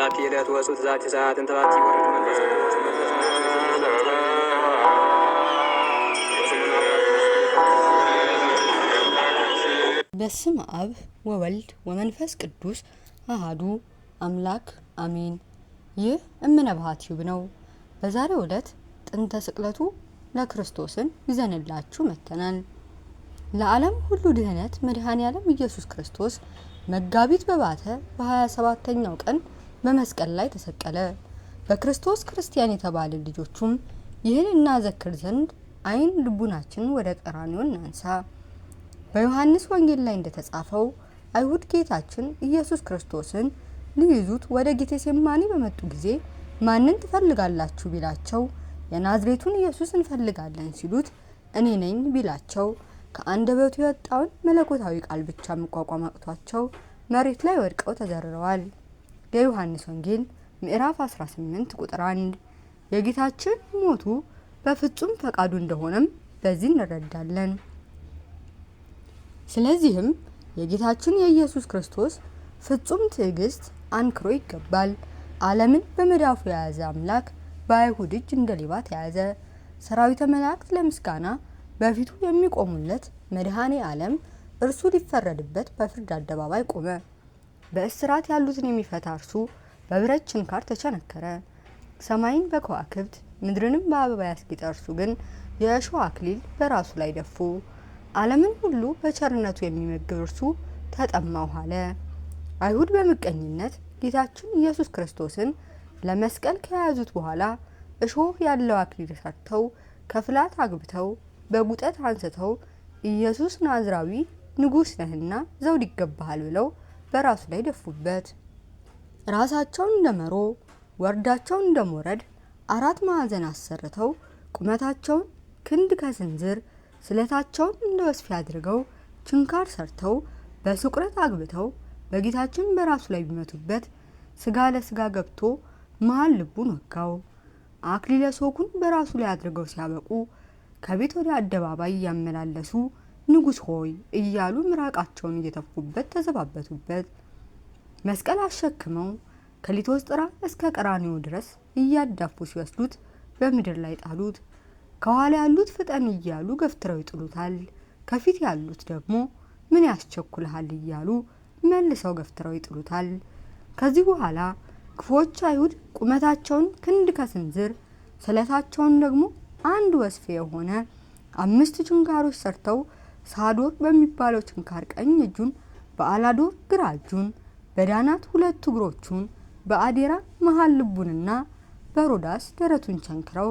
በዛቲ ዕለት ወሱት ዛቲ ሰዓት እንተባት ይወርድ በስም አብ ወወልድ ወመንፈስ ቅዱስ አሃዱ አምላክ አሜን። ይህ እምነ ባሃት ዩብ ነው። በዛሬው ዕለት ጥንተ ስቅለቱ ለክርስቶስን ይዘንላችሁ መጥተናል። ለዓለም ሁሉ ድህነት መድኃኔ ዓለም ኢየሱስ ክርስቶስ መጋቢት በባተ በ 27 ተኛው ቀን በመስቀል ላይ ተሰቀለ። በክርስቶስ ክርስቲያን የተባለ ልጆቹም ይህን እናዘክር ዘንድ አይን ልቡናችን ወደ ቀራንዮ እናንሳ። በዮሐንስ ወንጌል ላይ እንደተጻፈው አይሁድ ጌታችን ኢየሱስ ክርስቶስን ሊይዙት ወደ ጌቴሴማኒ በመጡ ጊዜ ማንን ትፈልጋላችሁ ቢላቸው የናዝሬቱን ኢየሱስ እንፈልጋለን ሲሉት እኔ ነኝ ቢላቸው ከአንደበቱ የወጣውን መለኮታዊ ቃል ብቻ መቋቋም አቅቷቸው መሬት ላይ ወድቀው ተዘርረዋል። የዮሐንስ ወንጌል ምዕራፍ 18 ቁጥር 1 የጌታችን ሞቱ በፍጹም ፈቃዱ እንደሆነም በዚህ እንረዳለን። ስለዚህም የጌታችን የኢየሱስ ክርስቶስ ፍጹም ትዕግስት አንክሮ ይገባል። ዓለምን በመዳፉ የያዘ አምላክ በአይሁድ እጅ እንደ ሌባ ተያዘ። ሰራዊተ መላእክት ለምስጋና በፊቱ የሚቆሙለት መድኃኔ ዓለም እርሱ ሊፈረድበት በፍርድ አደባባይ ቆመ። በእስራት ያሉትን የሚፈታ እርሱ በብረት ችንካር ተቸነከረ። ሰማይን በከዋክብት ምድርንም በአበባ ያስጌጠ እርሱ ግን የእሾህ አክሊል በራሱ ላይ ደፉ። ዓለምን ሁሉ በቸርነቱ የሚመግብ እርሱ ተጠማሁ አለ። አይሁድ በምቀኝነት ጌታችን ኢየሱስ ክርስቶስን ለመስቀል ከያዙት በኋላ እሾህ ያለው አክሊል ሰርተው ከፍላት አግብተው በጉጠት አንስተው ኢየሱስ ናዝራዊ ንጉሥ ነህና ዘውድ ይገባሃል ብለው በራሱ ላይ ደፉበት። ራሳቸውን እንደ መሮ ወርዳቸውን እንደ ሞረድ አራት ማዕዘን አሰርተው ቁመታቸውን ክንድ ከስንዝር ስለታቸውን እንደ ወስፌ አድርገው ችንካር ሰርተው በሱቅረት አግብተው በጌታችን በራሱ ላይ ቢመቱበት ስጋ ለስጋ ገብቶ መሀል ልቡን ወጋው። አክሊለ ሶኩን በራሱ ላይ አድርገው ሲያበቁ ከቤት ወደ አደባባይ እያመላለሱ ንጉሥ ሆይ እያሉ ምራቃቸውን እየተፉበት ተዘባበቱበት። መስቀል አሸክመው ከሊቶስጥራ እስከ ቀራኒዮ ድረስ እያዳፉ ሲወስዱት በምድር ላይ ጣሉት። ከኋላ ያሉት ፍጠን እያሉ ገፍትረው ይጥሉታል። ከፊት ያሉት ደግሞ ምን ያስቸኩልሃል እያሉ መልሰው ገፍትረው ይጥሉታል። ከዚህ በኋላ ክፉዎች አይሁድ ቁመታቸውን ክንድ ከስንዝር ስለታቸውን ደግሞ አንድ ወስፌ የሆነ አምስት ችንካሮች ሰርተው ሳዶር በሚባለው ችንካር ቀኝ እጁን፣ በአላዶር ግራ እጁን፣ በዳናት ሁለት እግሮቹን፣ በአዴራ መሃል ልቡንና በሮዳስ ደረቱን ቸንክረው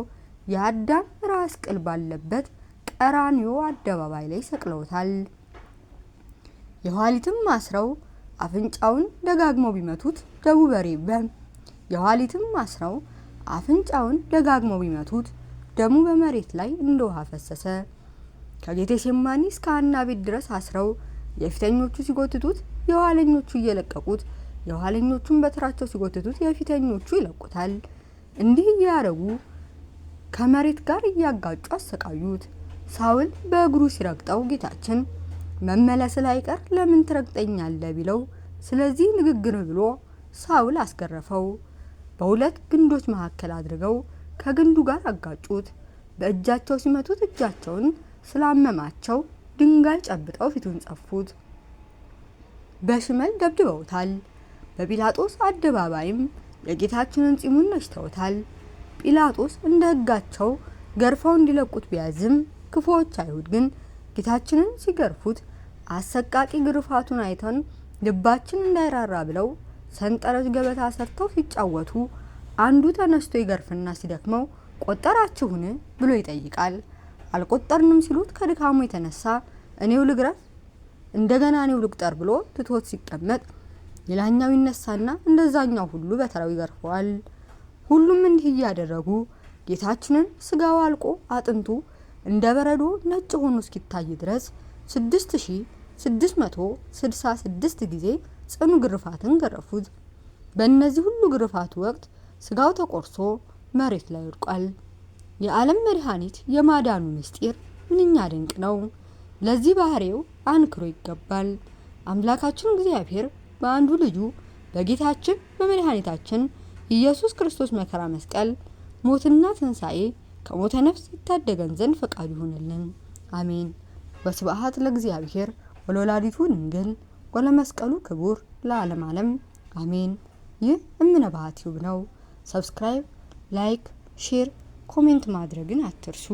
የአዳም ራስ ቅል ባለበት ቀራኒዮ አደባባይ ላይ ሰቅለውታል። የኋሊትም አስረው አፍንጫውን ደጋግመው ቢመቱት ደቡ በ የኋሊትም አስረው አፍንጫውን ደጋግመው ቢመቱት ደሙ በመሬት ላይ እንደ ውሃ ፈሰሰ። ከጌቴሴማኒ እስከ አና ቤት ድረስ አስረው የፊተኞቹ ሲጎትቱት የኋለኞቹ እየለቀቁት የኋለኞቹን በትራቸው ሲጎትቱት የፊተኞቹ ይለቁታል። እንዲህ እያረጉ ከመሬት ጋር እያጋጩ አሰቃዩት። ሳውል በእግሩ ሲረግጠው ጌታችን መመለስ ላይቀር ለምን ትረግጠኛለ ቢለው ስለዚህ ንግግር ብሎ ሳውል አስገረፈው። በሁለት ግንዶች መካከል አድርገው ከግንዱ ጋር አጋጩት። በእጃቸው ሲመቱት እጃቸውን ስላመማቸው ድንጋይ ጨብጠው ፊቱን ጸፉት፣ በሽመል ደብድበውታል። በጲላጦስ አደባባይም የጌታችንን ጺሙን ነሽተውታል። ጲላጦስ እንደ ሕጋቸው ገርፈው እንዲለቁት ቢያዝም ክፉዎች አይሁድ ግን ጌታችንን ሲገርፉት አሰቃቂ ግርፋቱን አይተን ልባችን እንዳይራራ ብለው ሰንጠረዥ ገበታ ሰርተው ሲጫወቱ አንዱ ተነስቶ ይገርፍና ሲደክመው ቆጠራችሁን ብሎ ይጠይቃል። አልቆጠርንም ሲሉት ከድካሙ የተነሳ እኔው ልግረፍ እንደገና እኔው ልቁጠር ብሎ ትቶት ሲቀመጥ ሌላኛው ይነሳና እንደዛኛው ሁሉ በተራው ይገርፈዋል። ሁሉም እንዲህ እያደረጉ ጌታችንን ስጋው አልቆ አጥንቱ እንደ በረዶ ነጭ ሆኖ እስኪታይ ድረስ 6666 ጊዜ ጽኑ ግርፋትን ገረፉት። በእነዚህ ሁሉ ግርፋቱ ወቅት ስጋው ተቆርሶ መሬት ላይ ወድቋል። የዓለም መድኃኒት የማዳኑ ምስጢር ምንኛ ድንቅ ነው! ለዚህ ባህሪው አንክሮ ይገባል። አምላካችን እግዚአብሔር በአንዱ ልጁ በጌታችን በመድኃኒታችን ኢየሱስ ክርስቶስ መከራ፣ መስቀል፣ ሞትና ትንሣኤ ከሞተ ነፍስ ይታደገን ዘንድ ፈቃዱ ይሆንልን፣ አሜን። ወስብሐት ለእግዚአብሔር ወለወላዲቱ ድንግል ወለመስቀሉ ክቡር ለዓለም ዓለም አሜን። ይህ እምነ ባህት ነው። ሰብስክራይብ፣ ላይክ፣ ሼር ኮሜንት ማድረግን አትርሱ።